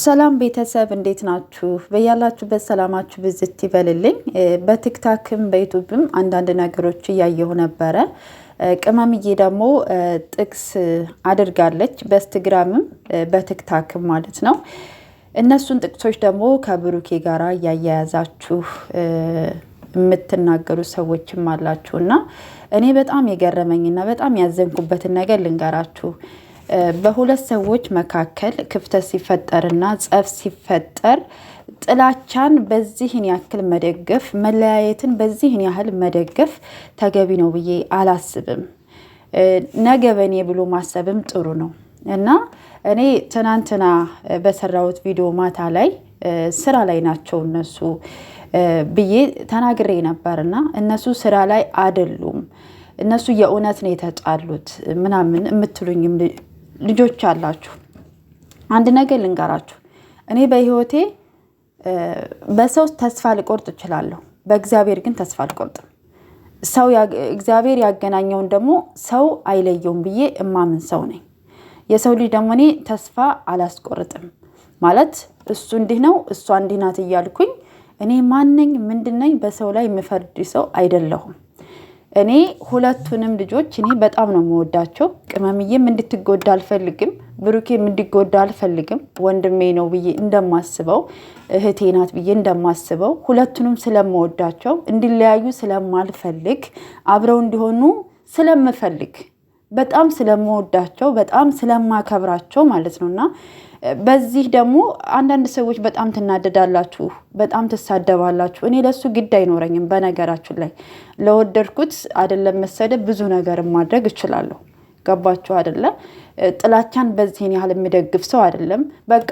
ሰላም ቤተሰብ እንዴት ናችሁ? በያላችሁበት ሰላማችሁ ብዝት ይበልልኝ። በቲክታክም በዩቱብም አንዳንድ ነገሮች እያየሁ ነበረ። ቅመምዬ ደግሞ ጥቅስ አድርጋለች፣ በኢንስታግራምም በቲክታክም ማለት ነው። እነሱን ጥቅሶች ደግሞ ከብሩኬ ጋር እያያያዛችሁ የምትናገሩ ሰዎችም አላችሁ እና እኔ በጣም የገረመኝና በጣም ያዘንኩበትን ነገር ልንገራችሁ። በሁለት ሰዎች መካከል ክፍተት ሲፈጠርና ጸፍ ሲፈጠር ጥላቻን በዚህን ያክል መደገፍ፣ መለያየትን በዚህን ያህል መደገፍ ተገቢ ነው ብዬ አላስብም። ነገ በኔ ብሎ ማሰብም ጥሩ ነው እና እኔ ትናንትና በሰራሁት ቪዲዮ ማታ ላይ ስራ ላይ ናቸው እነሱ ብዬ ተናግሬ ነበር እና እነሱ ስራ ላይ አይደሉም እነሱ የእውነት ነው የተጣሉት ምናምን የምትሉኝም ልጆች አላችሁ፣ አንድ ነገር ልንገራችሁ። እኔ በህይወቴ በሰው ተስፋ ልቆርጥ እችላለሁ፣ በእግዚአብሔር ግን ተስፋ አልቆርጥም። ሰው እግዚአብሔር ያገናኘውን ደግሞ ሰው አይለየውም ብዬ እማምን ሰው ነኝ። የሰው ልጅ ደግሞ እኔ ተስፋ አላስቆርጥም ማለት እሱ እንዲህ ነው እሷ እንዲህ ናት እያልኩኝ እኔ ማነኝ ምንድነኝ በሰው ላይ የምፈርድ ሰው አይደለሁም። እኔ ሁለቱንም ልጆች እኔ በጣም ነው የምወዳቸው። ቅመምዬም እንድትጎዳ አልፈልግም፣ ብሩኬም እንዲጎዳ አልፈልግም። ወንድሜ ነው ብዬ እንደማስበው እህቴ ናት ብዬ እንደማስበው ሁለቱንም ስለምወዳቸው እንዲለያዩ ስለማልፈልግ አብረው እንዲሆኑ ስለምፈልግ በጣም ስለምወዳቸው በጣም ስለማከብራቸው ማለት ነው። እና በዚህ ደግሞ አንዳንድ ሰዎች በጣም ትናደዳላችሁ፣ በጣም ትሳደባላችሁ። እኔ ለሱ ግድ አይኖረኝም። በነገራችሁ ላይ ለወደድኩት አይደለም መሰደብ ብዙ ነገር ማድረግ እችላለሁ። ገባችሁ አይደለ? ጥላቻን በዚህን ያህል የሚደግፍ ሰው አይደለም። በቃ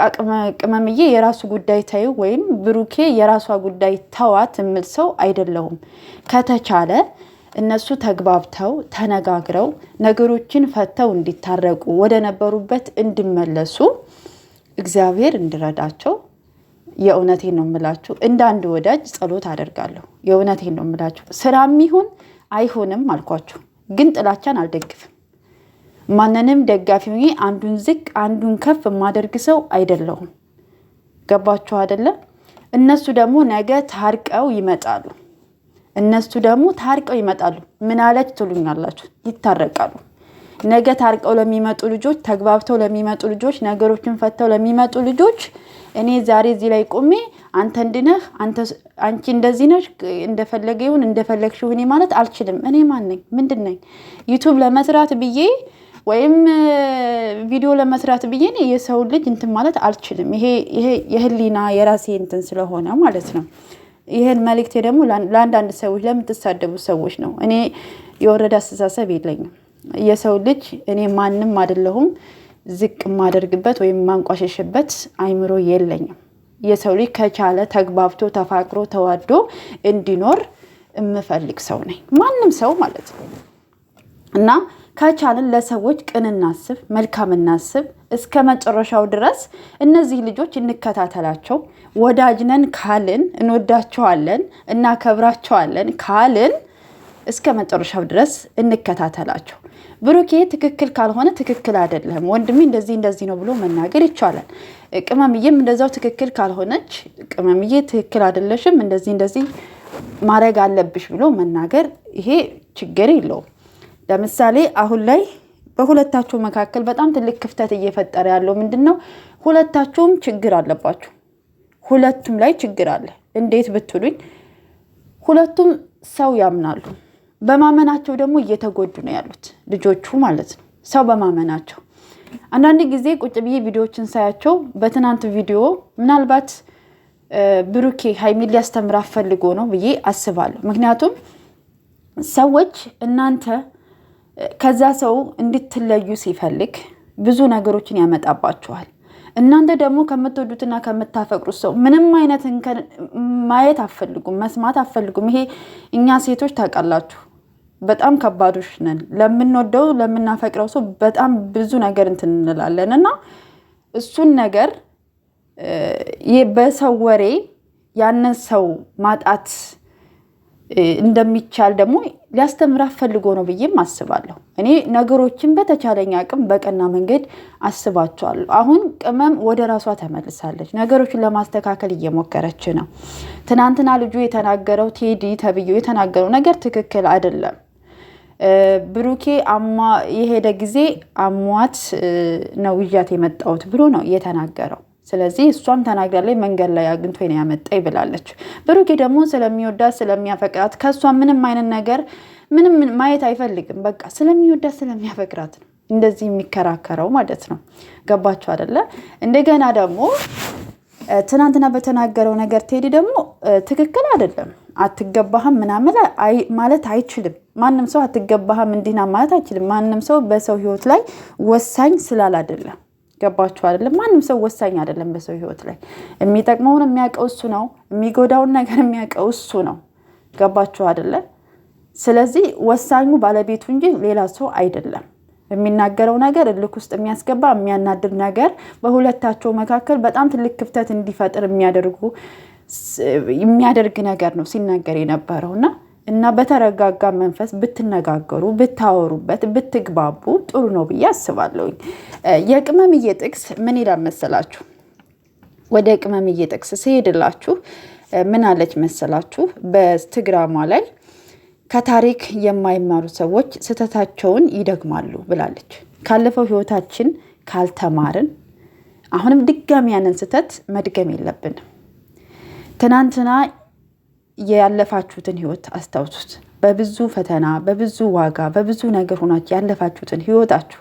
ቅመምዬ የራሱ ጉዳይ ታዩ ወይም ብሩኬ የራሷ ጉዳይ ተዋት የምል ሰው አይደለሁም። ከተቻለ እነሱ ተግባብተው ተነጋግረው ነገሮችን ፈተው እንዲታረቁ ወደ ነበሩበት እንዲመለሱ እግዚአብሔር እንዲረዳቸው የእውነቴን ነው የምላችሁ። እንደ አንድ ወዳጅ ጸሎት አደርጋለሁ። የእውነቴን ነው የምላችሁ። ስራም ይሁን አይሆንም አልኳችሁ፣ ግን ጥላቻን አልደግፍም። ማንንም ደጋፊ ሆኜ አንዱን ዝቅ አንዱን ከፍ የማደርግ ሰው አይደለሁም። ገባችሁ አይደለም? እነሱ ደግሞ ነገ ታርቀው ይመጣሉ። እነሱ ደግሞ ታርቀው ይመጣሉ። ምን አለች ትሉኛላችሁ? ይታረቃሉ። ነገ ታርቀው ለሚመጡ ልጆች፣ ተግባብተው ለሚመጡ ልጆች፣ ነገሮችን ፈተው ለሚመጡ ልጆች እኔ ዛሬ እዚህ ላይ ቁሜ አንተ እንድነህ አንቺ እንደዚህ ነሽ እንደፈለገ ይሁን እንደፈለግሽ ሁኔ ማለት አልችልም። እኔ ማን ነኝ? ምንድን ነኝ? ዩቱብ ለመስራት ብዬ ወይም ቪዲዮ ለመስራት ብዬ እኔ የሰውን ልጅ እንትን ማለት አልችልም። ይሄ የህሊና የራሴ እንትን ስለሆነ ማለት ነው ይህን መልእክቴ ደግሞ ለአንዳንድ ሰዎች ለምትሳደቡ ሰዎች ነው። እኔ የወረደ አስተሳሰብ የለኝም። የሰው ልጅ እኔ ማንም አይደለሁም ዝቅ የማደርግበት ወይም የማንቋሸሽበት አይምሮ የለኝም። የሰው ልጅ ከቻለ ተግባብቶ ተፋቅሮ ተዋዶ እንዲኖር የምፈልግ ሰው ነኝ። ማንም ሰው ማለት ነው እና ከቻልን ለሰዎች ቅን እናስብ፣ መልካም እናስብ። እስከ መጨረሻው ድረስ እነዚህ ልጆች እንከታተላቸው። ወዳጅነን ካልን እንወዳቸዋለን፣ እናከብራቸዋለን ካልን እስከ መጨረሻው ድረስ እንከታተላቸው። ብሩኬ ትክክል ካልሆነ ትክክል አይደለም ወንድሜ፣ እንደዚህ እንደዚህ ነው ብሎ መናገር ይቻላል። ቅመምዬም እንደዛው ትክክል ካልሆነች ቅመምዬ ትክክል አይደለሽም፣ እንደዚህ እንደዚህ ማድረግ አለብሽ ብሎ መናገር ይሄ ችግር የለውም። ለምሳሌ አሁን ላይ በሁለታችሁ መካከል በጣም ትልቅ ክፍተት እየፈጠረ ያለው ምንድን ነው? ሁለታችሁም ችግር አለባችሁ። ሁለቱም ላይ ችግር አለ። እንዴት ብትሉኝ ሁለቱም ሰው ያምናሉ። በማመናቸው ደግሞ እየተጎዱ ነው ያሉት ልጆቹ ማለት ነው። ሰው በማመናቸው አንዳንድ ጊዜ ቁጭ ብዬ ቪዲዮዎችን ሳያቸው በትናንት ቪዲዮ ምናልባት ብሩኬ ሀይሚ ሊያስተምር ፈልጎ ነው ብዬ አስባለሁ። ምክንያቱም ሰዎች እናንተ ከዛ ሰው እንድትለዩ ሲፈልግ ብዙ ነገሮችን ያመጣባችኋል። እናንተ ደግሞ ከምትወዱትና ከምታፈቅሩት ሰው ምንም አይነት ማየት አፈልጉም፣ መስማት አፈልጉም። ይሄ እኛ ሴቶች ታውቃላችሁ፣ በጣም ከባዶች ነን። ለምንወደው ለምናፈቅረው ሰው በጣም ብዙ ነገር እንትን እንላለን እና እሱን ነገር በሰው ወሬ ያንን ሰው ማጣት እንደሚቻል ደግሞ ሊያስተምራት ፈልጎ ነው ብዬም አስባለሁ። እኔ ነገሮችን በተቻለኝ አቅም በቀና መንገድ አስባቸዋለሁ። አሁን ቅመም ወደ ራሷ ተመልሳለች። ነገሮችን ለማስተካከል እየሞከረች ነው። ትናንትና ልጁ የተናገረው ቴዲ ተብዬው የተናገረው ነገር ትክክል አይደለም። ብሩኬ የሄደ ጊዜ አሟት ነው ይዣት የመጣሁት ብሎ ነው የተናገረው። ስለዚህ እሷም ተናግራለች። መንገድ ላይ አግኝቶ ነው ያመጣኝ ብላለች። ብሩኬ ደግሞ ስለሚወዳት ስለሚያፈቅራት ከእሷ ምንም አይነት ነገር ምንም ማየት አይፈልግም። በቃ ስለሚወዳት ስለሚያፈቅራት ነው እንደዚህ የሚከራከረው ማለት ነው። ገባችሁ አይደለ? እንደገና ደግሞ ትናንትና በተናገረው ነገር ትሄድ ደግሞ ትክክል አይደለም። አትገባህም ምናምን ማለት አይችልም። ማንም ሰው አትገባህም እንዲና ማለት አይችልም። ማንም ሰው በሰው ህይወት ላይ ወሳኝ ስላል አይደለም ገባችሁ አይደለም? ማንም ሰው ወሳኝ አይደለም በሰው ህይወት ላይ። የሚጠቅመውን የሚያውቀው እሱ ነው። የሚጎዳውን ነገር የሚያውቀው እሱ ነው። ገባችሁ አይደለም? ስለዚህ ወሳኙ ባለቤቱ እንጂ ሌላ ሰው አይደለም። የሚናገረው ነገር እልክ ውስጥ የሚያስገባ የሚያናድር ነገር በሁለታቸው መካከል በጣም ትልቅ ክፍተት እንዲፈጥር የሚያደርጉ የሚያደርግ ነገር ነው ሲናገር የነበረው እና እና በተረጋጋ መንፈስ ብትነጋገሩ ብታወሩበት ብትግባቡ ጥሩ ነው ብዬ አስባለሁኝ። የቅመምዬ ጥቅስ ምን ይላል መሰላችሁ? ወደ ቅመምዬ ጥቅስ ሲሄድላችሁ ምን አለች መሰላችሁ? በትግራማ ላይ ከታሪክ የማይማሩ ሰዎች ስህተታቸውን ይደግማሉ ብላለች። ካለፈው ህይወታችን ካልተማርን አሁንም ድጋሚ ያንን ስህተት መድገም የለብንም። ትናንትና ያለፋችሁትን ህይወት አስታውሱት። በብዙ ፈተና፣ በብዙ ዋጋ፣ በብዙ ነገር ሆናችሁ ያለፋችሁትን ህይወታችሁ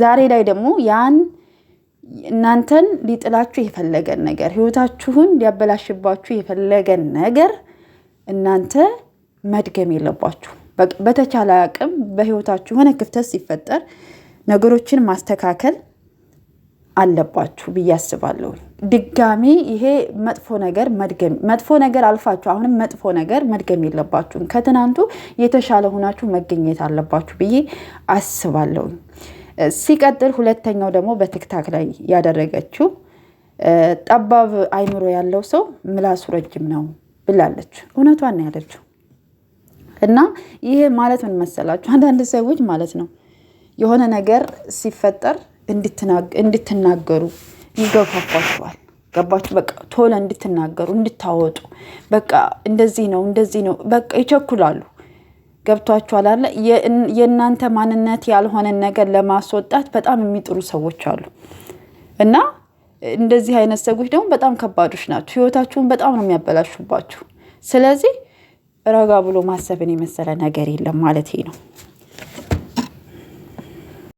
ዛሬ ላይ ደግሞ ያን እናንተን ሊጥላችሁ የፈለገን ነገር ህይወታችሁን ሊያበላሽባችሁ የፈለገን ነገር እናንተ መድገም የለባችሁ። በተቻለ አቅም በህይወታችሁ የሆነ ክፍተት ሲፈጠር ነገሮችን ማስተካከል አለባችሁ ብዬ አስባለሁ። ድጋሚ ይሄ መጥፎ ነገር መድገም መጥፎ ነገር አልፋችሁ አሁንም መጥፎ ነገር መድገም የለባችሁም። ከትናንቱ የተሻለ ሆናችሁ መገኘት አለባችሁ ብዬ አስባለሁ። ሲቀጥል ሁለተኛው ደግሞ በቲክታክ ላይ ያደረገችው ጠባብ አይምሮ ያለው ሰው ምላሱ ረጅም ነው ብላለች። እውነቷን ያለችው እና ይሄ ማለት ምን መሰላችሁ አንዳንድ ሰዎች ማለት ነው የሆነ ነገር ሲፈጠር እንድትናገሩ ይገፋፋችኋል። ገባችሁ? በቃ ቶሎ እንድትናገሩ እንድታወጡ፣ በቃ እንደዚህ ነው እንደዚህ ነው በቃ ይቸኩላሉ። ገብቷችኋል አለ። የእናንተ ማንነት ያልሆነን ነገር ለማስወጣት በጣም የሚጥሩ ሰዎች አሉ እና እንደዚህ አይነት ሰዎች ደግሞ በጣም ከባዶች ናቸው። ህይወታችሁን በጣም ነው የሚያበላሹባችሁ። ስለዚህ ረጋ ብሎ ማሰብን የመሰለ ነገር የለም ማለት ነው።